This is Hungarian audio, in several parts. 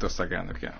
köztársaság elnöke.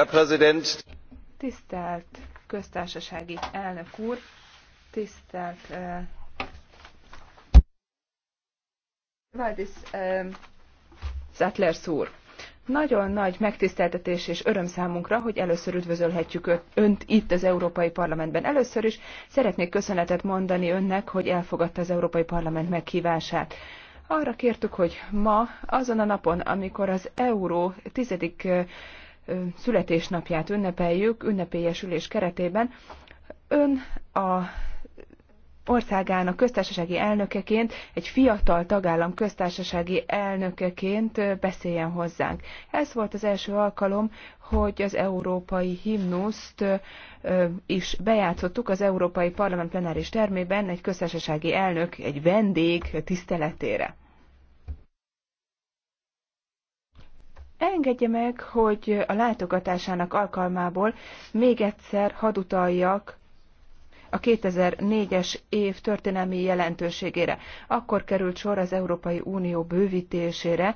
Herr Präsident! Tisztelt köztársasági elnök úr, tisztelt uh, Valdis uh, úr! Nagyon nagy megtiszteltetés és öröm számunkra, hogy először üdvözölhetjük Önt itt az Európai Parlamentben. Először is szeretnék köszönetet mondani Önnek, hogy elfogadta az Európai Parlament meghívását. Arra kértük, hogy ma, azon a napon, amikor az euró tizedik születésnapját ünnepeljük, ünnepélyesülés keretében. Ön a országának köztársasági elnökeként, egy fiatal tagállam köztársasági elnökeként beszéljen hozzánk. Ez volt az első alkalom, hogy az európai himnuszt is bejátszottuk az Európai Parlament plenáris termében egy köztársasági elnök, egy vendég tiszteletére. Engedje meg, hogy a látogatásának alkalmából még egyszer hadutaljak a 2004-es év történelmi jelentőségére. Akkor került sor az Európai Unió bővítésére.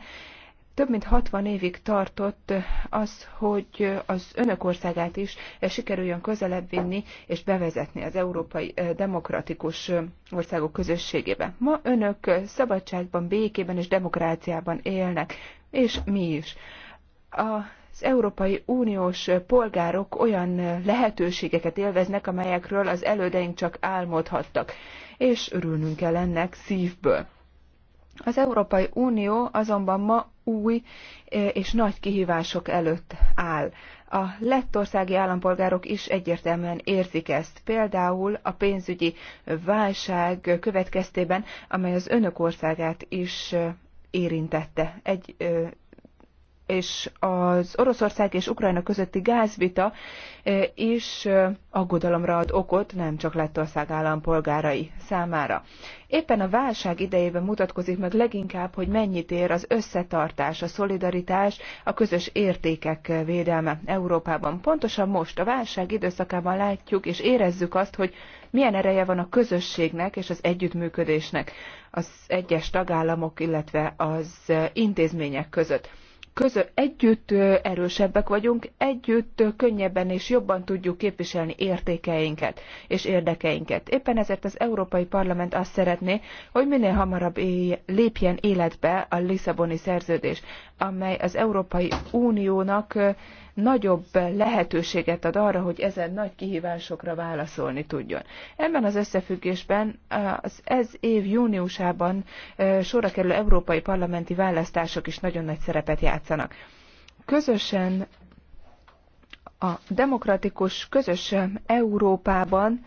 Több mint 60 évig tartott az, hogy az önök országát is sikerüljön közelebb vinni és bevezetni az európai eh, demokratikus eh, országok közösségébe. Ma önök szabadságban, békében és demokráciában élnek és mi is. Az Európai Uniós polgárok olyan lehetőségeket élveznek, amelyekről az elődeink csak álmodhattak, és örülnünk kell ennek szívből. Az Európai Unió azonban ma új e, és nagy kihívások előtt áll. A lettországi állampolgárok is egyértelműen érzik ezt, például a pénzügyi válság következtében, amely az önök országát is e, érintette. Egy, és az Oroszország és Ukrajna közötti gázvita is aggodalomra ad okot nem csak Lettország állampolgárai számára. Éppen a válság idejében mutatkozik meg leginkább, hogy mennyit ér az összetartás, a szolidaritás, a közös értékek védelme Európában. Pontosan most, a válság időszakában látjuk és érezzük azt, hogy milyen ereje van a közösségnek és az együttműködésnek az egyes tagállamok, illetve az intézmények között. Közö, együtt erősebbek vagyunk, együtt könnyebben és jobban tudjuk képviselni értékeinket és érdekeinket. Éppen ezért az Európai Parlament azt szeretné, hogy minél hamarabb lépjen életbe a Lisszaboni szerződés, amely az Európai Uniónak nagyobb lehetőséget ad arra, hogy ezen nagy kihívásokra válaszolni tudjon. Ebben az összefüggésben az ez év júniusában sorra kerülő európai parlamenti választások is nagyon nagy szerepet játszanak. Közösen a demokratikus, közös Európában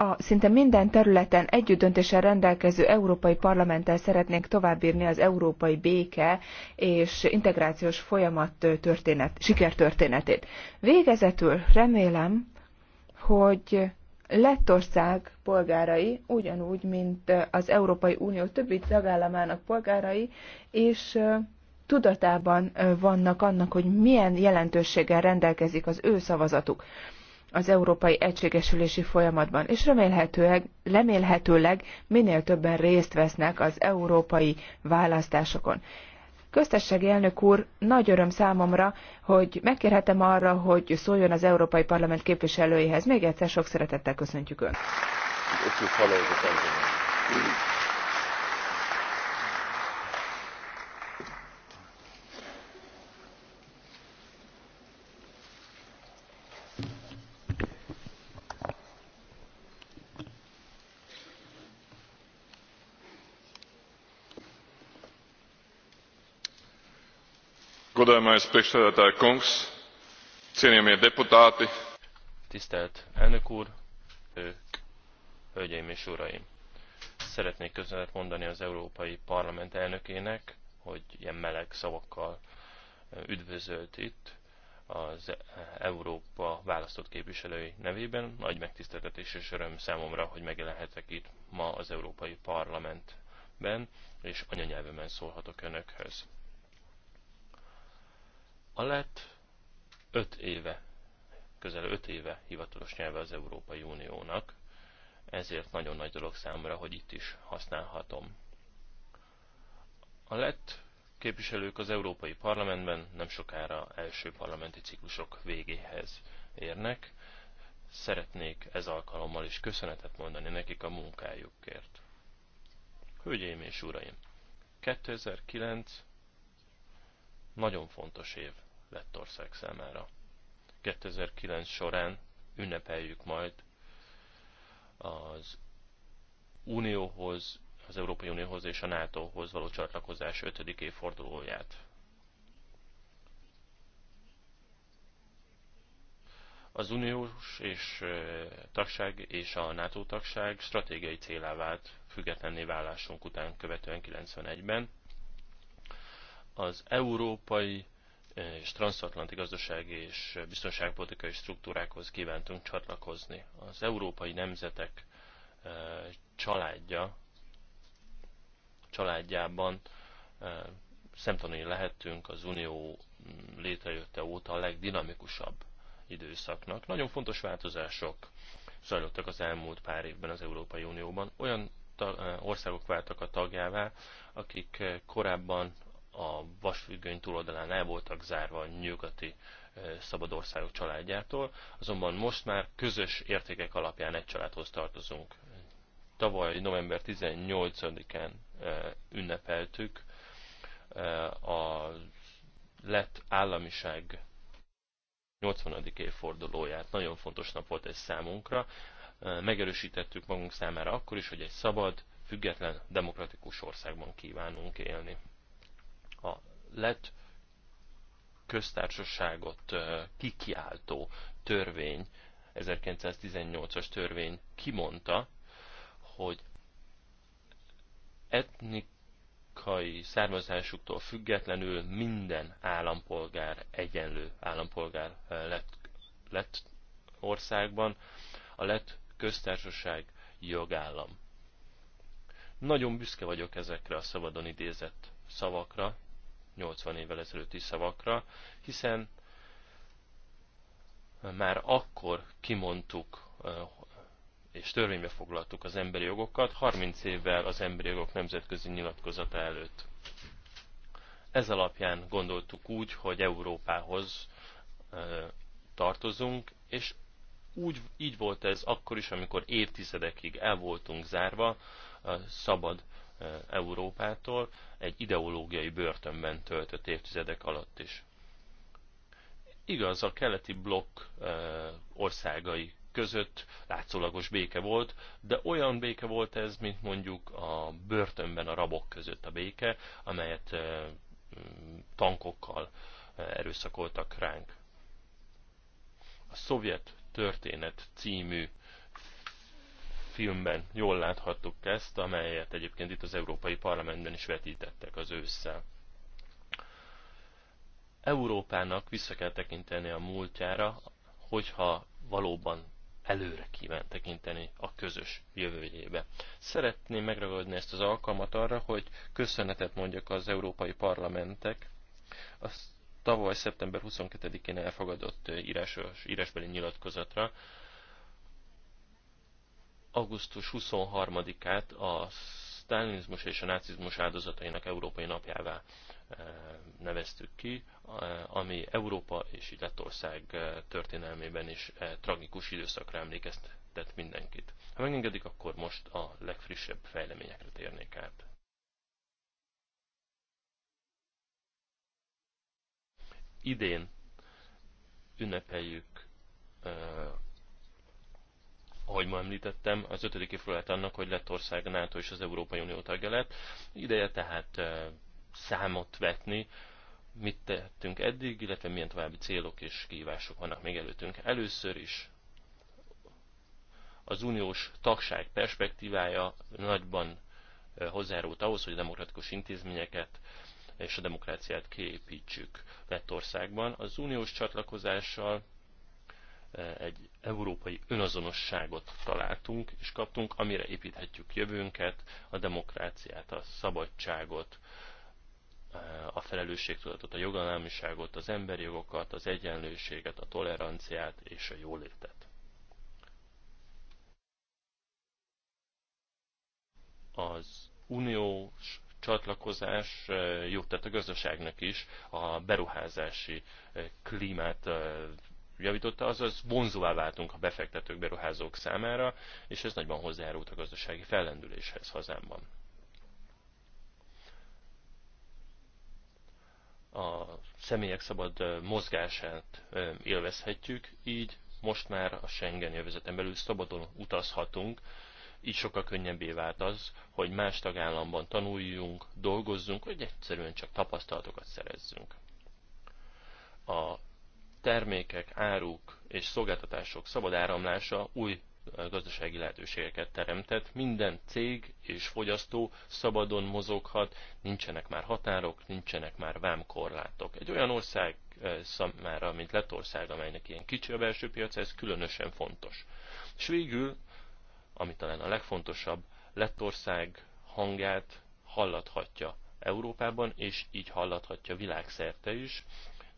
a szinte minden területen együttdöntéssel rendelkező Európai Parlamenttel szeretnénk továbbírni az európai béke és integrációs folyamat történet, sikertörténetét. Végezetül remélem, hogy Lettország polgárai, ugyanúgy, mint az Európai Unió többi tagállamának polgárai, és tudatában vannak annak, hogy milyen jelentőséggel rendelkezik az ő szavazatuk az európai egységesülési folyamatban, és remélhetőleg, remélhetőleg minél többen részt vesznek az európai választásokon. Köztességi elnök úr, nagy öröm számomra, hogy megkérhetem arra, hogy szóljon az Európai Parlament képviselőihez. Még egyszer sok szeretettel köszöntjük Önt. Godājumais priekšsēdētāja kungs, cienījamie deputāti. Tisztelt elnök úr, hölgyeim és uraim! Szeretnék köszönet mondani az Európai Parlament elnökének, hogy ilyen meleg szavakkal üdvözölt itt az Európa választott képviselői nevében. Nagy megtiszteltetés és öröm számomra, hogy megjelenhetek itt ma az Európai Parlamentben, és anyanyelvemen szólhatok önökhöz. A lett 5 éve, közel 5 éve hivatalos nyelve az Európai Uniónak, ezért nagyon nagy dolog számra, hogy itt is használhatom. A lett képviselők az Európai Parlamentben nem sokára első parlamenti ciklusok végéhez érnek. Szeretnék ez alkalommal is köszönetet mondani nekik a munkájukért. Hölgyeim és uraim! 2009 nagyon fontos év Lettország számára. 2009 során ünnepeljük majd az Unióhoz, az Európai Unióhoz és a NATO-hoz való csatlakozás 5. évfordulóját. Az uniós és tagság és a NATO tagság stratégiai célá vált függetlenné válásunk után követően 91-ben. Az európai és transatlanti gazdasági és biztonságpolitikai struktúrákhoz kívántunk csatlakozni. Az európai nemzetek e, családja, családjában e, szemtanúi lehetünk az Unió létrejötte óta a legdinamikusabb időszaknak. Nagyon fontos változások zajlottak az elmúlt pár évben az Európai Unióban. Olyan e, országok váltak a tagjává, akik korábban a vasfüggöny túloldalán el voltak zárva a nyugati szabadországok családjától, azonban most már közös értékek alapján egy családhoz tartozunk. Tavaly november 18-án ünnepeltük a lett államiság 80. évfordulóját. Nagyon fontos nap volt ez számunkra. Megerősítettük magunk számára akkor is, hogy egy szabad, független, demokratikus országban kívánunk élni lett köztársaságot kikiáltó törvény, 1918-as törvény kimondta, hogy etnikai származásuktól függetlenül minden állampolgár egyenlő állampolgár lett, lett országban, a lett köztársaság jogállam. Nagyon büszke vagyok ezekre a szabadon idézett szavakra, 80 évvel ezelőtti szavakra, hiszen már akkor kimondtuk és törvénybe foglaltuk az emberi jogokat 30 évvel az emberi jogok nemzetközi nyilatkozata előtt. Ez alapján gondoltuk úgy, hogy Európához tartozunk, és úgy, így volt ez akkor is, amikor évtizedekig el voltunk zárva a szabad Európától egy ideológiai börtönben töltött évtizedek alatt is. Igaz, a keleti blokk országai között látszólagos béke volt, de olyan béke volt ez, mint mondjuk a börtönben a rabok között a béke, amelyet tankokkal erőszakoltak ránk. A Szovjet Történet című filmben jól láthattuk ezt, amelyet egyébként itt az Európai Parlamentben is vetítettek az ősszel. Európának vissza kell tekinteni a múltjára, hogyha valóban előre kíván tekinteni a közös jövőjébe. Szeretném megragadni ezt az alkalmat arra, hogy köszönetet mondjak az európai parlamentek a tavaly szeptember 22-én elfogadott írásos, írásbeli nyilatkozatra, augusztus 23-át a sztálinizmus és a nácizmus áldozatainak Európai Napjává eh, neveztük ki, eh, ami Európa és Lettország eh, történelmében is tragikus időszakra emlékeztetett mindenkit. Ha megengedik, akkor most a legfrissebb fejleményekre térnék át. Idén ünnepeljük ahogy ma említettem, az ötödik évfőlet annak, hogy Lettország, a NATO és az Európai Unió tagja lett. Ideje tehát számot vetni, mit tettünk eddig, illetve milyen további célok és kihívások vannak még előttünk. Először is az uniós tagság perspektívája nagyban hozzárult ahhoz, hogy a demokratikus intézményeket és a demokráciát kiépítsük Lettországban. Az uniós csatlakozással Eh, egy európai önazonosságot találtunk és kaptunk, amire építhetjük jövőnket, a demokráciát, a szabadságot, eh, a felelősségtudatot, a jogalámiságot, az emberi jogokat, az egyenlőséget, a toleranciát és a jólétet. Az uniós csatlakozás eh, jót tett a gazdaságnak is, a beruházási klímát javította, azaz vonzóvá váltunk a befektetők, beruházók számára, és ez nagyban hozzájárult a gazdasági fellendüléshez hazámban. A személyek szabad mozgását élvezhetjük, így most már a Schengen jövezeten belül szabadon utazhatunk, így sokkal könnyebbé vált az, hogy más tagállamban tanuljunk, dolgozzunk, vagy egyszerűen csak tapasztalatokat szerezzünk. A termékek, áruk és szolgáltatások szabad áramlása új gazdasági lehetőségeket teremtett, minden cég és fogyasztó szabadon mozoghat, nincsenek már határok, nincsenek már vámkorlátok. Egy olyan ország számára, mint Lettország, amelynek ilyen kicsi a belső piac, ez különösen fontos. És végül, ami talán a legfontosabb, Lettország hangját hallathatja Európában, és így hallathatja világszerte is,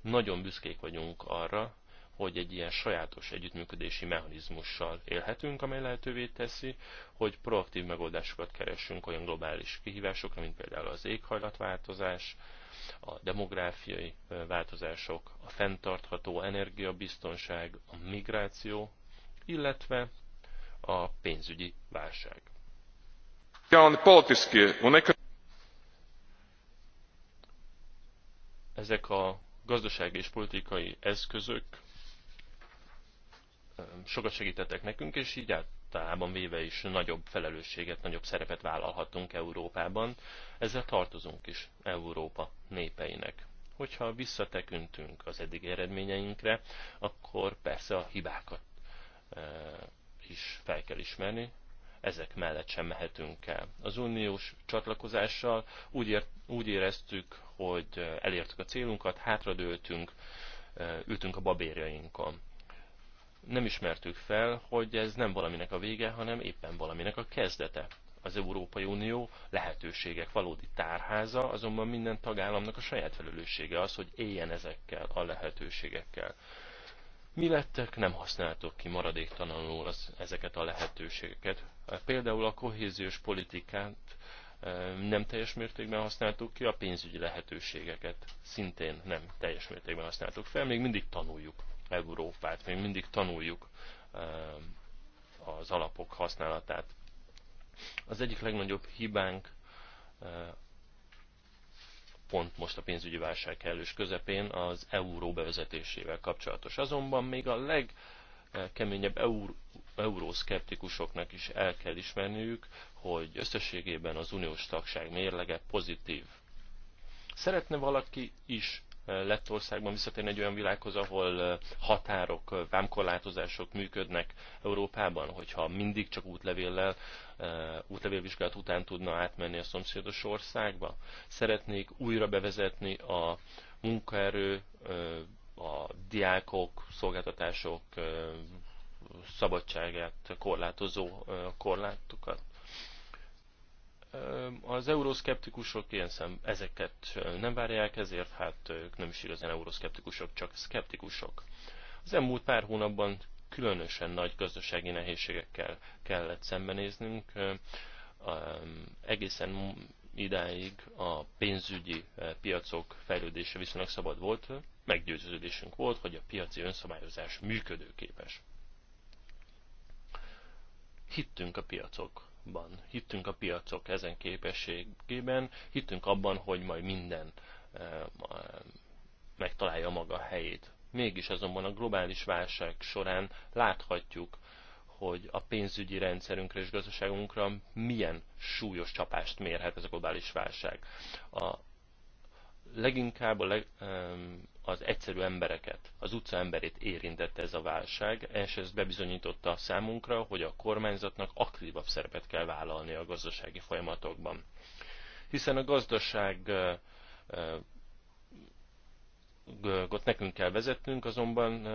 nagyon büszkék vagyunk arra, hogy egy ilyen sajátos együttműködési mechanizmussal élhetünk, amely lehetővé teszi, hogy proaktív megoldásokat keressünk olyan globális kihívásokra, mint például az éghajlatváltozás, a demográfiai változások, a fenntartható energiabiztonság, a migráció, illetve a pénzügyi válság. Ezek a gazdasági és politikai eszközök sokat segítettek nekünk, és így általában véve is nagyobb felelősséget, nagyobb szerepet vállalhatunk Európában. Ezzel tartozunk is Európa népeinek. Hogyha visszatekintünk az eddigi eredményeinkre, akkor persze a hibákat is fel kell ismerni, ezek mellett sem mehetünk el. Az uniós csatlakozással úgy, ért, úgy éreztük, hogy elértük a célunkat, hátradőltünk, ültünk a babérjainkon. Nem ismertük fel, hogy ez nem valaminek a vége, hanem éppen valaminek a kezdete. Az Európai Unió lehetőségek valódi tárháza, azonban minden tagállamnak a saját felelőssége az, hogy éljen ezekkel a lehetőségekkel. Mi lettek, nem használtuk ki maradéktalanul az, ezeket a lehetőségeket. Például a kohéziós politikát e, nem teljes mértékben használtuk ki, a pénzügyi lehetőségeket szintén nem teljes mértékben használtuk fel, még mindig tanuljuk Európát, még mindig tanuljuk e, az alapok használatát. Az egyik legnagyobb hibánk e, pont most a pénzügyi válság kellős közepén az euró bevezetésével kapcsolatos. Azonban még a legkeményebb euró, eurószkeptikusoknak is el kell ismerniük, hogy összességében az uniós tagság mérlege pozitív. Szeretne valaki is Lettországban visszatérni egy olyan világhoz, ahol határok, vámkorlátozások működnek Európában, hogyha mindig csak útlevéllel, útlevélvizsgálat után tudna átmenni a szomszédos országba. Szeretnék újra bevezetni a munkaerő, a diákok, szolgáltatások szabadságát korlátozó korlátokat az euroszkeptikusok ilyen szem, ezeket nem várják, ezért hát ők nem is igazán euroszkeptikusok, csak szkeptikusok. Az elmúlt pár hónapban különösen nagy gazdasági nehézségekkel kellett szembenéznünk. Egészen idáig a pénzügyi piacok fejlődése viszonylag szabad volt, meggyőződésünk volt, hogy a piaci önszabályozás működőképes. Hittünk a piacok Ban. Hittünk a piacok ezen képességében, hittünk abban, hogy majd minden e, megtalálja maga a helyét. Mégis azonban a globális válság során láthatjuk, hogy a pénzügyi rendszerünkre és gazdaságunkra milyen súlyos csapást mérhet ez a globális válság. A leginkább a leg, az egyszerű embereket, az utca emberét érintette ez a válság, és ez bebizonyította számunkra, hogy a kormányzatnak aktívabb szerepet kell vállalni a gazdasági folyamatokban. Hiszen a gazdaságot nekünk kell vezetnünk, azonban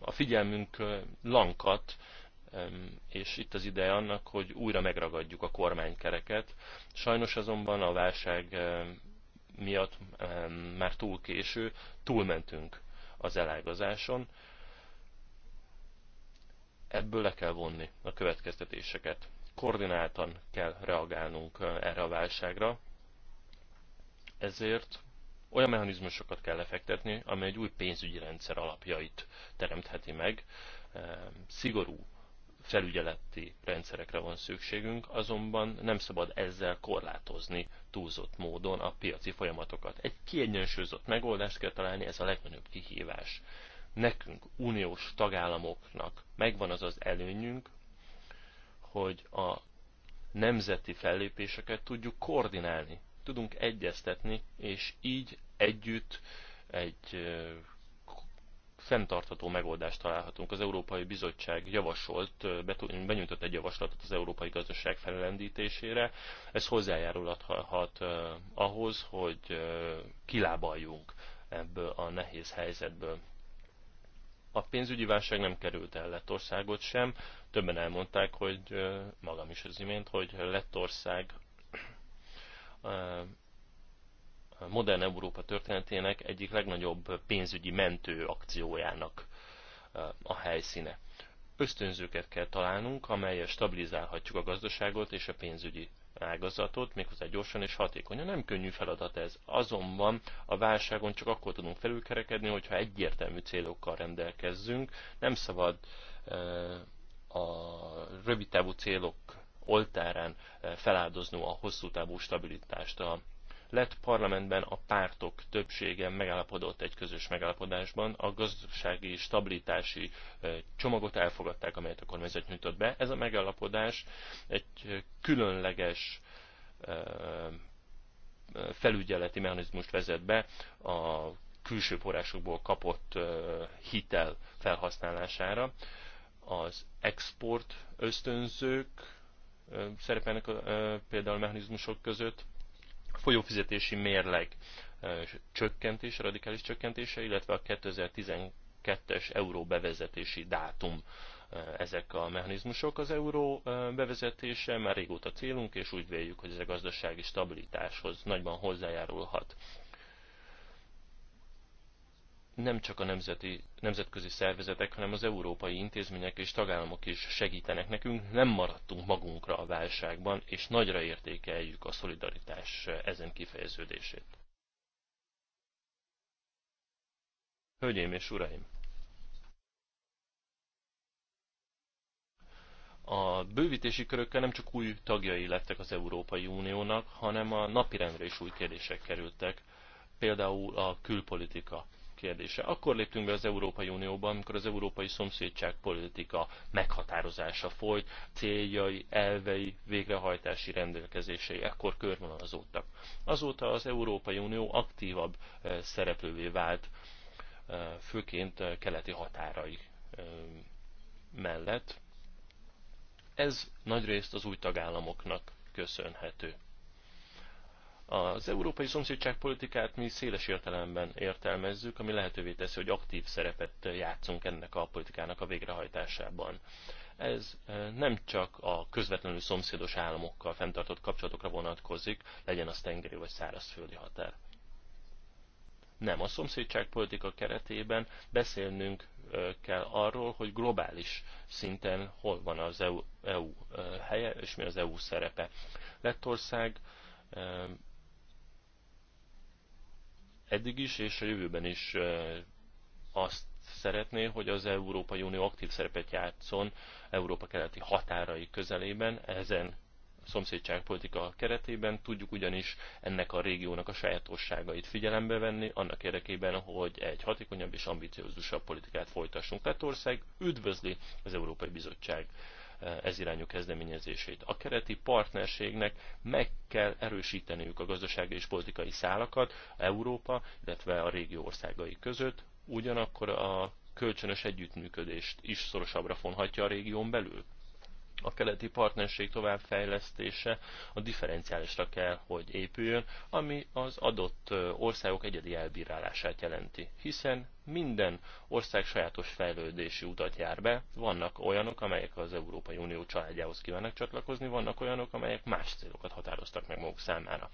a figyelmünk lankat és itt az ideje annak, hogy újra megragadjuk a kormánykereket. Sajnos azonban a válság miatt már túl késő, túlmentünk az elágazáson. Ebből le kell vonni a következtetéseket. Koordináltan kell reagálnunk erre a válságra, ezért olyan mechanizmusokat kell lefektetni, amely egy új pénzügyi rendszer alapjait teremtheti meg, szigorú felügyeleti rendszerekre van szükségünk, azonban nem szabad ezzel korlátozni túlzott módon a piaci folyamatokat. Egy kiegyensúlyozott megoldást kell találni, ez a legnagyobb kihívás. Nekünk, uniós tagállamoknak megvan az az előnyünk, hogy a nemzeti fellépéseket tudjuk koordinálni, tudunk egyeztetni, és így együtt egy fenntartható megoldást találhatunk. Az Európai Bizottság javasolt, benyújtott egy javaslatot az európai gazdaság felelendítésére. Ez hozzájárulhat ahhoz, hogy kilábaljunk ebből a nehéz helyzetből. A pénzügyi válság nem került el Lettországot sem. Többen elmondták, hogy magam is az imént, hogy Lettország modern Európa történetének egyik legnagyobb pénzügyi mentő akciójának a helyszíne. Ösztönzőket kell találnunk, amelyel stabilizálhatjuk a gazdaságot és a pénzügyi ágazatot, méghozzá gyorsan és hatékonyan. Nem könnyű feladat ez. Azonban a válságon csak akkor tudunk felülkerekedni, hogyha egyértelmű célokkal rendelkezzünk. Nem szabad a rövidtávú célok oltárán feláldoznunk a hosszú távú stabilitást. A lett parlamentben a pártok többsége megállapodott egy közös megállapodásban, a gazdasági stabilitási csomagot elfogadták, amelyet a kormányzat nyújtott be. Ez a megállapodás egy különleges felügyeleti mechanizmust vezet be a külső forrásokból kapott hitel felhasználására. Az export ösztönzők szerepelnek például mechanizmusok között, folyófizetési mérleg csökkentése, radikális csökkentése, illetve a 2012-es euró bevezetési dátum ezek a mechanizmusok. Az euró bevezetése már régóta célunk, és úgy véljük, hogy ez a gazdasági stabilitáshoz nagyban hozzájárulhat nem csak a nemzeti, nemzetközi szervezetek, hanem az európai intézmények és tagállamok is segítenek nekünk. Nem maradtunk magunkra a válságban, és nagyra értékeljük a szolidaritás ezen kifejeződését. Hölgyeim és uraim! A bővítési körökkel nem csak új tagjai lettek az Európai Uniónak, hanem a napirendre is új kérdések kerültek, például a külpolitika kérdése. Akkor léptünk be az Európai Unióban, amikor az európai szomszédság politika meghatározása folyt, céljai, elvei, végrehajtási rendelkezései ekkor körvonalazódtak. Azóta az Európai Unió aktívabb eh, szereplővé vált, eh, főként eh, keleti határai mellett. Ez nagyrészt az új tagállamoknak köszönhető. Az európai szomszédságpolitikát mi széles értelemben értelmezzük, ami lehetővé teszi, hogy aktív szerepet játszunk ennek a politikának a végrehajtásában. Ez eh, nem csak a közvetlenül szomszédos államokkal fenntartott kapcsolatokra vonatkozik, legyen az tengeri vagy szárazföldi határ. Nem, a szomszédságpolitika keretében beszélnünk eh, kell arról, hogy globális szinten hol van az EU, EU eh, helye, és mi az EU szerepe. Lettország eddig is és a jövőben is azt szeretné, hogy az Európai Unió aktív szerepet játszon Európa keleti határai közelében, ezen szomszédságpolitika keretében tudjuk ugyanis ennek a régiónak a sajátosságait figyelembe venni, annak érdekében, hogy egy hatékonyabb és ambiciózusabb politikát folytassunk. Lettország üdvözli az Európai Bizottság Eh, ez irányú kezdeményezését. A kereti partnerségnek meg kell erősíteniük a gazdasági és politikai szálakat Európa, illetve a régió országai között, ugyanakkor a kölcsönös együttműködést is szorosabbra fonhatja a régión belül a keleti partnerség továbbfejlesztése a differenciálisra kell, hogy épüljön, ami az adott országok egyedi elbírálását jelenti. Hiszen minden ország sajátos fejlődési utat jár be, vannak olyanok, amelyek az Európai Unió családjához kívánnak csatlakozni, vannak olyanok, amelyek más célokat határoztak meg maguk számára.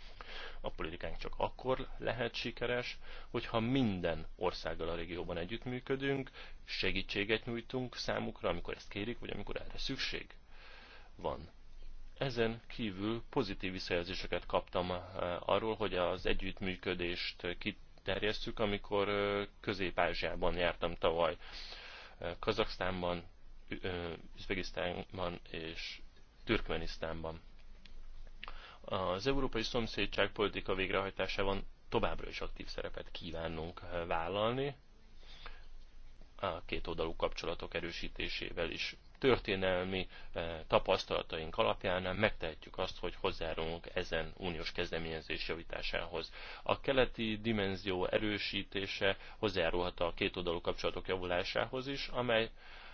A politikánk csak akkor lehet sikeres, hogyha minden országgal a régióban együttműködünk, segítséget nyújtunk számukra, amikor ezt kérik, vagy amikor erre szükség van. Ezen kívül pozitív visszajelzéseket kaptam eh, arról, hogy az együttműködést kiterjesztjük, amikor eh, Közép-Ázsiában jártam tavaly. Eh, Kazaksztánban, Üzbegisztánban és Türkmenisztánban. Az európai szomszédság politika végrehajtásában továbbra is aktív szerepet kívánunk vállalni, a két oldalú kapcsolatok erősítésével is történelmi eh, tapasztalataink alapján megtehetjük azt, hogy hozzárunk ezen uniós kezdeményezés javításához. A keleti dimenzió erősítése hozzájárulhat a két oldalú kapcsolatok javulásához is, amely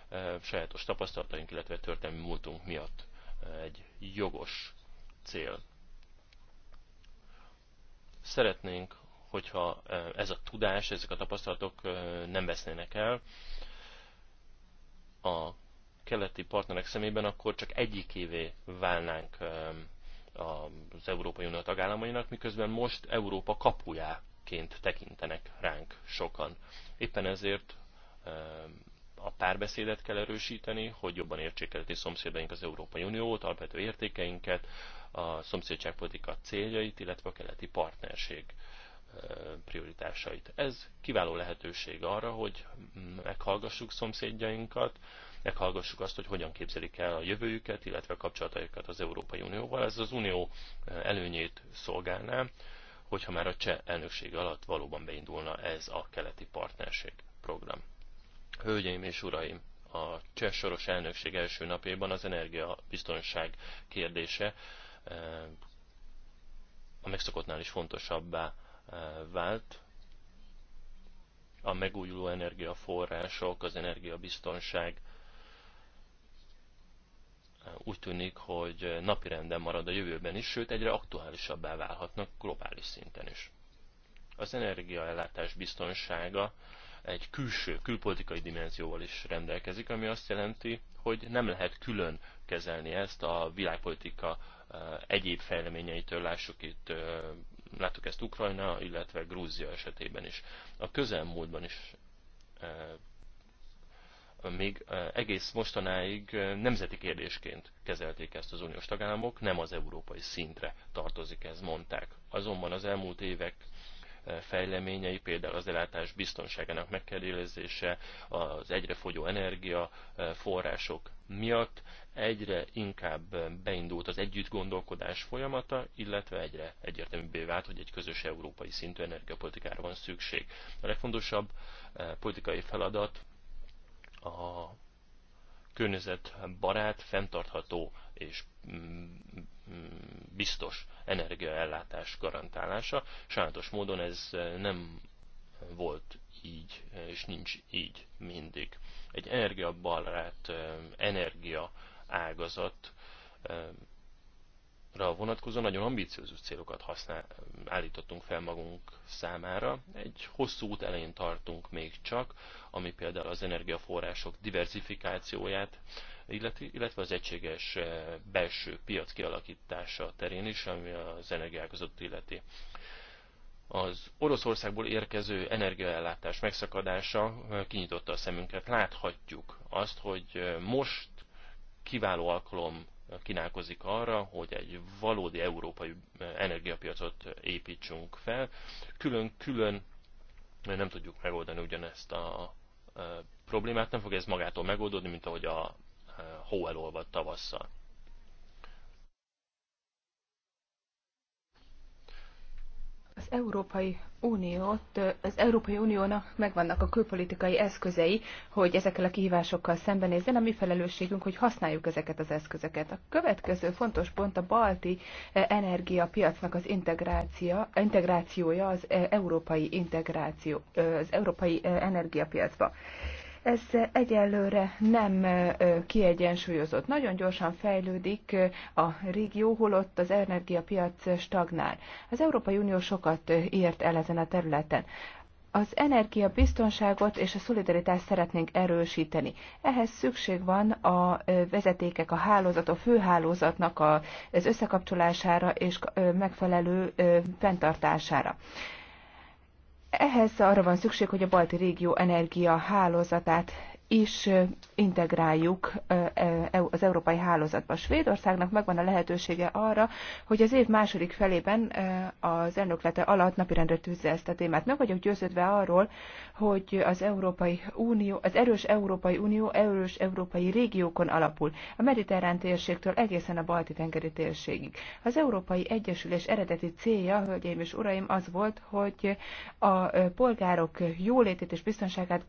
eh, sajátos tapasztalataink, illetve történelmi múltunk miatt eh, egy jogos cél. Szeretnénk, hogyha ez a tudás, ezek a tapasztalatok nem vesznének el. A keleti partnerek szemében, akkor csak egyikévé válnánk az Európai Unió tagállamainak, miközben most Európa kapujáként tekintenek ránk sokan. Éppen ezért a párbeszédet kell erősíteni, hogy jobban értsék keleti szomszédaink az Európai Uniót, alapvető értékeinket, a szomszédságpolitika céljait, illetve a keleti partnerség prioritásait. Ez kiváló lehetőség arra, hogy meghallgassuk szomszédjainkat, meghallgassuk azt, hogy hogyan képzelik el a jövőjüket, illetve a kapcsolataikat az Európai Unióval. Ez az Unió eh, előnyét szolgálná, hogyha már a cseh elnökség alatt valóban beindulna ez a keleti partnerség program. Hölgyeim és uraim, a cseh soros elnökség első napjában az energiabiztonság kérdése eh, a megszokottnál is fontosabbá eh, vált. A megújuló energiaforrások, az energiabiztonság úgy tűnik, hogy napirenden marad a jövőben is, sőt egyre aktuálisabbá válhatnak globális szinten is. Az energiaellátás biztonsága egy külső, külpolitikai dimenzióval is rendelkezik, ami azt jelenti, hogy nem lehet külön kezelni ezt a világpolitika e, egyéb fejleményeitől, lássuk itt, e, láttuk ezt Ukrajna, illetve Grúzia esetében is. A közelmúltban is e, még egész mostanáig nemzeti kérdésként kezelték ezt az uniós tagállamok, nem az európai szintre tartozik ez, mondták. Azonban az elmúlt évek fejleményei, például az ellátás biztonságának megkérdezése, az egyre fogyó energia források miatt egyre inkább beindult az együtt gondolkodás folyamata, illetve egyre egyértelműbbé vált, hogy egy közös európai szintű energiapolitikára van szükség. A legfontosabb politikai feladat a környezetbarát, fenntartható és mm, mm, biztos energiaellátás garantálása. Sajnálatos módon ez nem volt így, és nincs így mindig. Egy energiabarát, mm, energia ágazat ra vonatkozó nagyon ambíciózus célokat használ, állítottunk fel magunk számára. Egy hosszú út elején tartunk még csak, ami például az energiaforrások diversifikációját, illetve az egységes eh, belső piac kialakítása terén is, ami az energiákozat illeti. Az Oroszországból érkező energiaellátás megszakadása eh, kinyitotta a szemünket. Láthatjuk azt, hogy eh, most kiváló alkalom kínálkozik arra, hogy egy valódi európai eh, energiapiacot építsünk fel. Külön-külön eh, nem tudjuk megoldani ugyanezt a eh, problémát, nem fog ez magától megoldódni, mint ahogy a hó elolvad tavasszal. Az Európai Uniót, az Európai Uniónak megvannak a külpolitikai eszközei, hogy ezekkel a kihívásokkal szembenézzen. A mi felelősségünk, hogy használjuk ezeket az eszközöket. A következő fontos pont a balti eh, energiapiacnak az integrácia, integrációja, az eh, európai integráció, eh, az európai energiapiacba ez egyelőre nem kiegyensúlyozott. Nagyon gyorsan fejlődik a régió, holott az energiapiac stagnál. Az Európai Unió sokat ért el ezen a területen. Az energiabiztonságot és a szolidaritást szeretnénk erősíteni. Ehhez szükség van a vezetékek, a hálózat, a főhálózatnak az összekapcsolására és megfelelő fenntartására. Ehhez arra van szükség, hogy a balti régió energia hálózatát is integráljuk az európai hálózatba. Svédországnak megvan a lehetősége arra, hogy az év második felében az elnöklete alatt napirendre tűzze ezt a témát. Meg vagyok győződve arról, hogy az Európai Unió, az erős Európai Unió erős európai régiókon alapul, a mediterrán térségtől egészen a balti tengeri térségig. Az Európai Egyesülés eredeti célja, hölgyeim és uraim, az volt, hogy a polgárok jólétét és biztonságát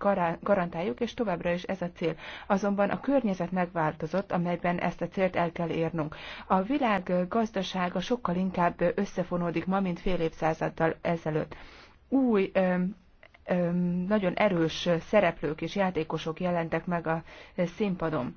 garantáljuk, és továbbra továbbra is ez a cél. Azonban a környezet megváltozott, amelyben ezt a célt el kell érnünk. A világ gazdasága sokkal inkább összefonódik ma, mint fél évszázaddal ezelőtt. Új nagyon erős szereplők és játékosok jelentek meg a színpadon.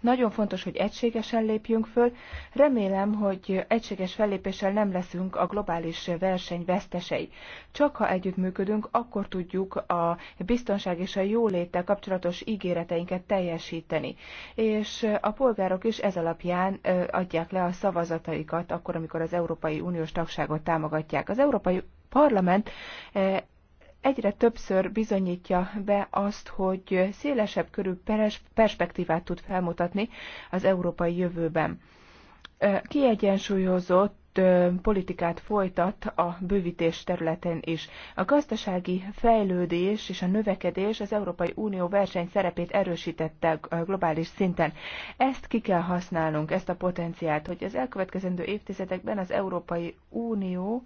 Nagyon fontos, hogy egységesen lépjünk föl. Remélem, hogy egységes fellépéssel nem leszünk a globális verseny vesztesei. Csak ha együttműködünk, akkor tudjuk a biztonság és a jóléttel kapcsolatos ígéreteinket teljesíteni. És a polgárok is ez alapján adják le a szavazataikat, akkor, amikor az Európai Uniós tagságot támogatják. Az Európai Parlament egyre többször bizonyítja be azt, hogy szélesebb körű perspektívát tud felmutatni az európai jövőben. Kiegyensúlyozott politikát folytat a bővítés területén is. A gazdasági fejlődés és a növekedés az Európai Unió verseny szerepét erősítette globális szinten. Ezt ki kell használnunk, ezt a potenciált, hogy az elkövetkezendő évtizedekben az Európai Unió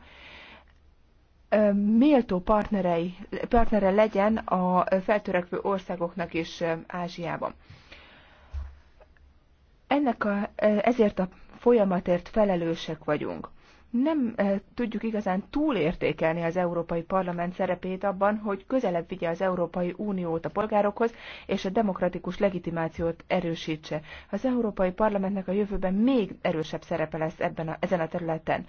méltó partnerei, partnere legyen a feltörekvő országoknak is Ázsiában. Ennek a, ezért a folyamatért felelősek vagyunk nem eh, tudjuk igazán túlértékelni az Európai Parlament szerepét abban, hogy közelebb vigye az Európai Uniót a polgárokhoz, és a demokratikus legitimációt erősítse. Az Európai Parlamentnek a jövőben még erősebb szerepe lesz ebben a, ezen a területen.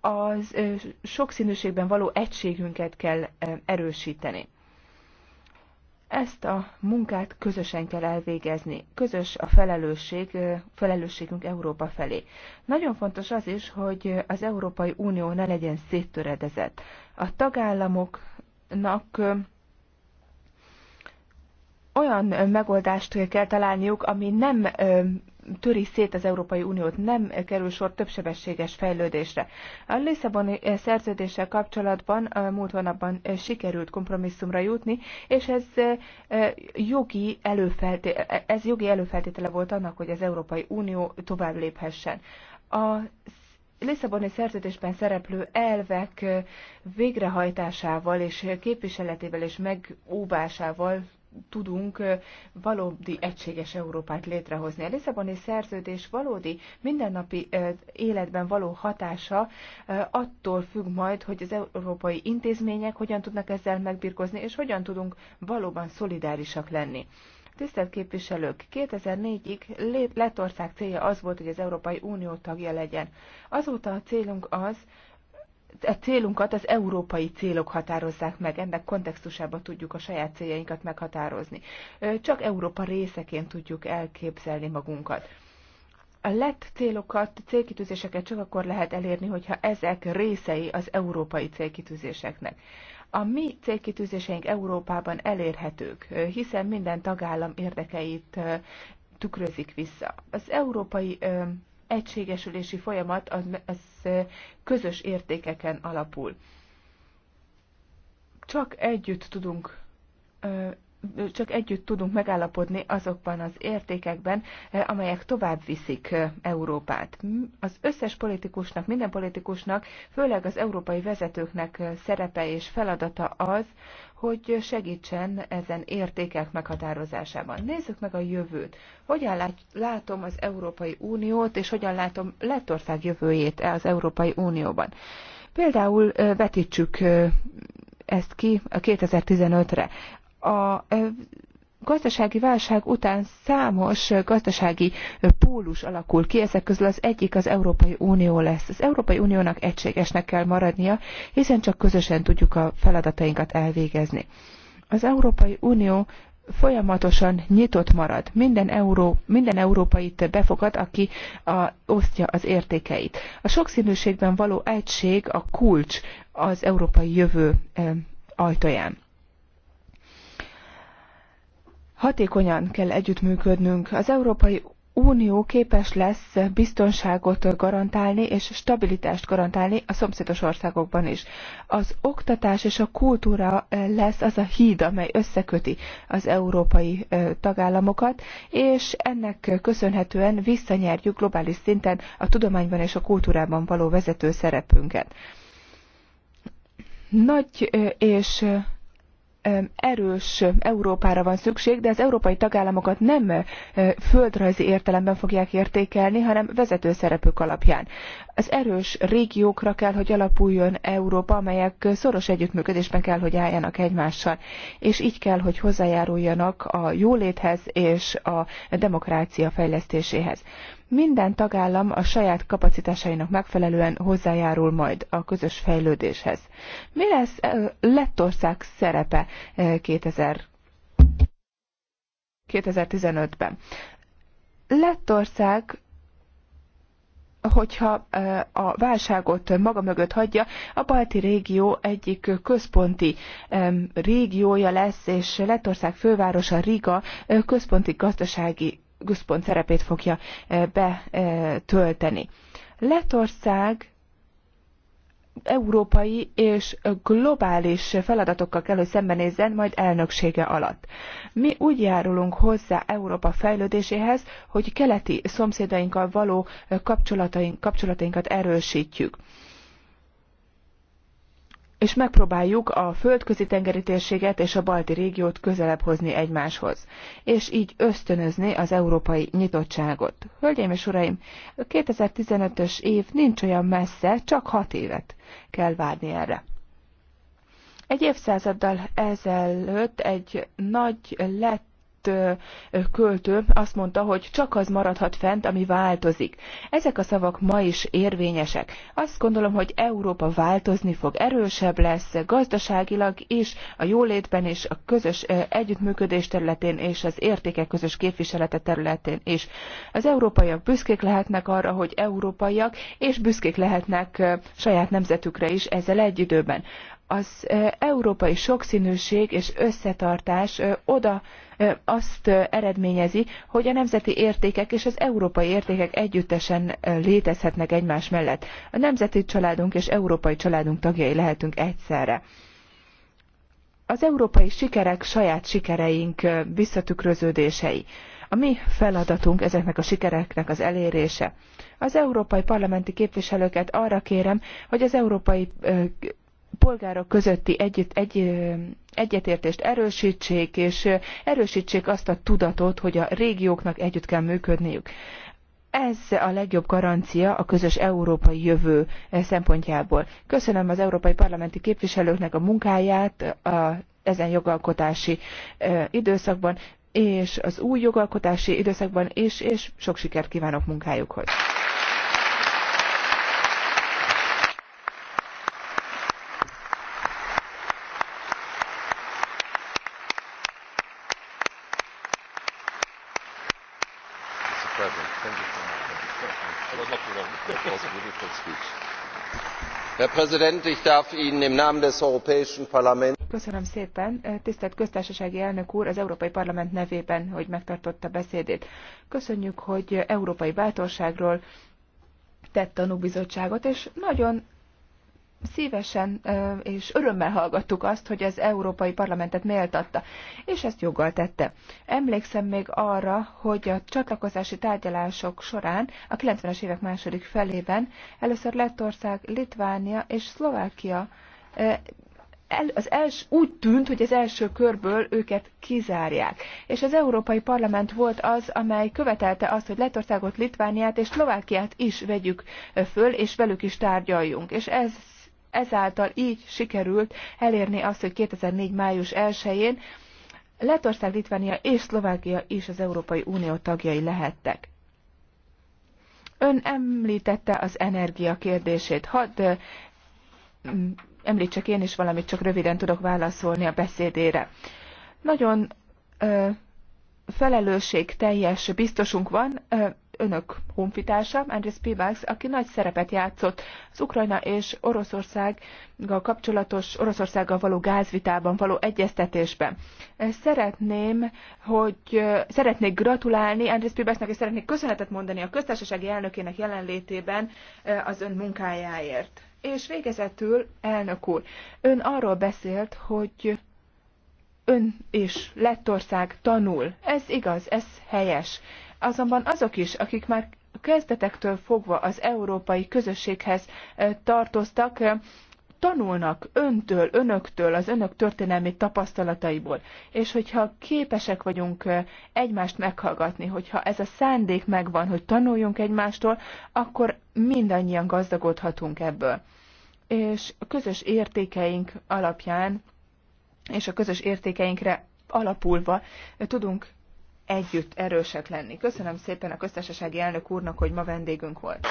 Az eh, sokszínűségben való egységünket kell eh, erősíteni. Ezt a munkát közösen kell elvégezni. Közös a felelősség, felelősségünk Európa felé. Nagyon fontos az is, hogy az Európai Unió ne legyen széttöredezett. A tagállamoknak olyan megoldást kell találniuk, ami nem töri szét az Európai Uniót, nem kerül sor többsebességes fejlődésre. A Lisszaboni eh, szerződéssel kapcsolatban eh, múlt hónapban eh, sikerült kompromisszumra jutni, és ez jogi, előfelté- ez jogi előfeltétele volt annak, hogy az Európai Unió tovább léphessen. A Lisszaboni szerződésben szereplő elvek végrehajtásával és képviseletével és megóvásával tudunk valódi egységes Európát létrehozni. A Lisszaboni szerződés valódi mindennapi életben való hatása attól függ majd, hogy az európai intézmények hogyan tudnak ezzel megbirkozni, és hogyan tudunk valóban szolidárisak lenni. Tisztelt képviselők, 2004-ig Lettország célja az volt, hogy az Európai Unió tagja legyen. Azóta a célunk az, a e célunkat az európai célok határozzák meg, ennek kontextusában tudjuk a saját céljainkat meghatározni. Csak Európa részeként tudjuk elképzelni magunkat. A lett célokat, célkitűzéseket csak akkor lehet elérni, hogyha ezek részei az európai célkitűzéseknek. A mi célkitűzéseink Európában elérhetők, hiszen minden tagállam érdekeit tükrözik vissza. Az európai egységesülési folyamat az, az közös értékeken alapul. Csak együtt tudunk csak együtt tudunk megállapodni azokban az értékekben, amelyek tovább viszik Európát. Az összes politikusnak, minden politikusnak, főleg az európai vezetőknek szerepe és feladata az, hogy segítsen ezen értékek meghatározásában. Nézzük meg a jövőt. Hogyan látom az Európai Uniót, és hogyan látom Lettország jövőjét e az Európai Unióban. Például vetítsük ezt ki a 2015-re. A gazdasági válság után számos gazdasági pólus alakul ki, ezek közül az egyik az Európai Unió lesz. Az Európai Uniónak egységesnek kell maradnia, hiszen csak közösen tudjuk a feladatainkat elvégezni. Az Európai Unió folyamatosan nyitott marad. Minden, euró, minden európait befogad, aki a, osztja az értékeit. A sokszínűségben való egység a kulcs az európai jövő e, ajtaján. Hatékonyan kell együttműködnünk. Az Európai Unió képes lesz biztonságot garantálni és stabilitást garantálni a szomszédos országokban is. Az oktatás és a kultúra eh, lesz az a híd, amely összeköti az európai eh, tagállamokat, és ennek köszönhetően visszanyerjük globális szinten a tudományban és a kultúrában való vezető szerepünket. Nagy eh, és erős Európára van szükség, de az európai tagállamokat nem földrajzi értelemben fogják értékelni, hanem vezető szerepük alapján az erős régiókra kell, hogy alapuljon Európa, amelyek szoros együttműködésben kell, hogy álljanak egymással, és így kell, hogy hozzájáruljanak a jóléthez és a demokrácia fejlesztéséhez. Minden tagállam a saját kapacitásainak megfelelően hozzájárul majd a közös fejlődéshez. Mi lesz Lettország szerepe 2015-ben? Lettország hogyha a válságot maga mögött hagyja, a balti régió egyik központi régiója lesz, és Lettország fővárosa Riga központi gazdasági központ szerepét fogja betölteni. Lettország európai és globális feladatokkal kell, hogy szembenézzen majd elnöksége alatt. Mi úgy járulunk hozzá Európa fejlődéséhez, hogy keleti szomszédainkkal való kapcsolatainkat erősítjük és megpróbáljuk a földközi tengeri térséget és a balti régiót közelebb hozni egymáshoz, és így ösztönözni az európai nyitottságot. Hölgyeim és uraim, 2015-ös év nincs olyan messze, csak hat évet kell várni erre. Egy évszázaddal ezelőtt egy nagy lett költő azt mondta, hogy csak az maradhat fent, ami változik. Ezek a szavak ma is érvényesek. Azt gondolom, hogy Európa változni fog, erősebb lesz gazdaságilag is, a jólétben és a közös együttműködés területén és az értékek közös képviselete területén is. Az európaiak büszkék lehetnek arra, hogy európaiak, és büszkék lehetnek saját nemzetükre is ezzel egy időben az európai sokszínűség és összetartás oda azt eredményezi, hogy a nemzeti értékek és az európai értékek együttesen létezhetnek egymás mellett. A nemzeti családunk és európai családunk tagjai lehetünk egyszerre. Az európai sikerek saját sikereink visszatükröződései. A mi feladatunk ezeknek a sikereknek az elérése. Az európai parlamenti képviselőket arra kérem, hogy az európai polgárok közötti együtt, egy, egyetértést erősítsék, és erősítsék azt a tudatot, hogy a régióknak együtt kell működniük. Ez a legjobb garancia a közös európai jövő szempontjából. Köszönöm az európai parlamenti képviselőknek a munkáját a, ezen jogalkotási e, időszakban, és az új jogalkotási időszakban is, és sok sikert kívánok munkájukhoz. köszönöm szépen tisztelt köztársasági elnök úr az európai parlament nevében hogy megtartotta beszédét. köszönjük hogy európai bátorságról tett tanúbizonyságot és nagyon szívesen és örömmel hallgattuk azt, hogy az Európai Parlamentet méltatta, és ezt joggal tette. Emlékszem még arra, hogy a csatlakozási tárgyalások során a 90-es évek második felében először Lettország, Litvánia és Szlovákia el, az els, úgy tűnt, hogy az első körből őket kizárják. És az Európai Parlament volt az, amely követelte azt, hogy Lettországot, Litvániát és Szlovákiát is vegyük föl, és velük is tárgyaljunk. És ez ezáltal így sikerült elérni azt, hogy 2004. május 1-én Lettország, Litvánia és Szlovákia is az Európai Unió tagjai lehettek. Ön említette az energia kérdését. Hadd említsek én is valamit, csak röviden tudok válaszolni a beszédére. Nagyon ö, felelősség teljes biztosunk van, ö, önök honfitársa, Andris Pibax, aki nagy szerepet játszott az Ukrajna és Oroszországgal kapcsolatos, Oroszországgal való gázvitában való egyeztetésben. Szeretném, hogy szeretnék gratulálni Andris Pibaxnak, és szeretnék köszönetet mondani a köztársasági elnökének jelenlétében eh, az ön munkájáért. És végezetül, elnök úr, ön arról beszélt, hogy ön és Lettország tanul. Ez igaz, ez helyes. Azonban azok is, akik már kezdetektől fogva az európai közösséghez tartoztak, tanulnak öntől, önöktől, az önök történelmi tapasztalataiból, és hogyha képesek vagyunk egymást meghallgatni, hogyha ez a szándék megvan, hogy tanuljunk egymástól, akkor mindannyian gazdagodhatunk ebből. És a közös értékeink alapján, és a közös értékeinkre alapulva tudunk együtt erősek lenni. Köszönöm szépen a köztársasági elnök úrnak, hogy ma vendégünk volt.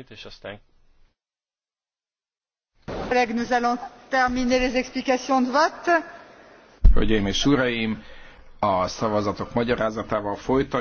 valamit, és aztán... Hölgyeim és uraim, a szavazatok magyarázatával folytatjuk.